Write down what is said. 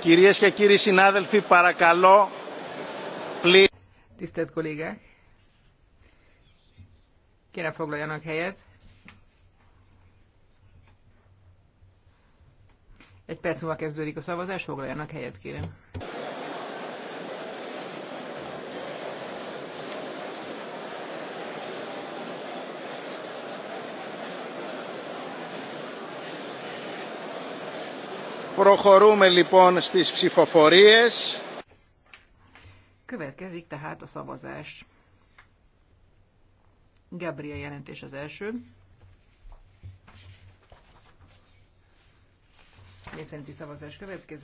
Κυρίες και κύριοι συνάδελφοι, παρακαλώ, Tisztelt kollégák! Kérem foglaljanak helyet. Egy perc múlva kezdődik a szavazás, foglaljanak helyet, kérem. Προχωρούμε λοιπόν στις ψηφοφορίες. Következik tehát a szavazás. Gabriel jelentés az első. Népszerinti szavazás következik.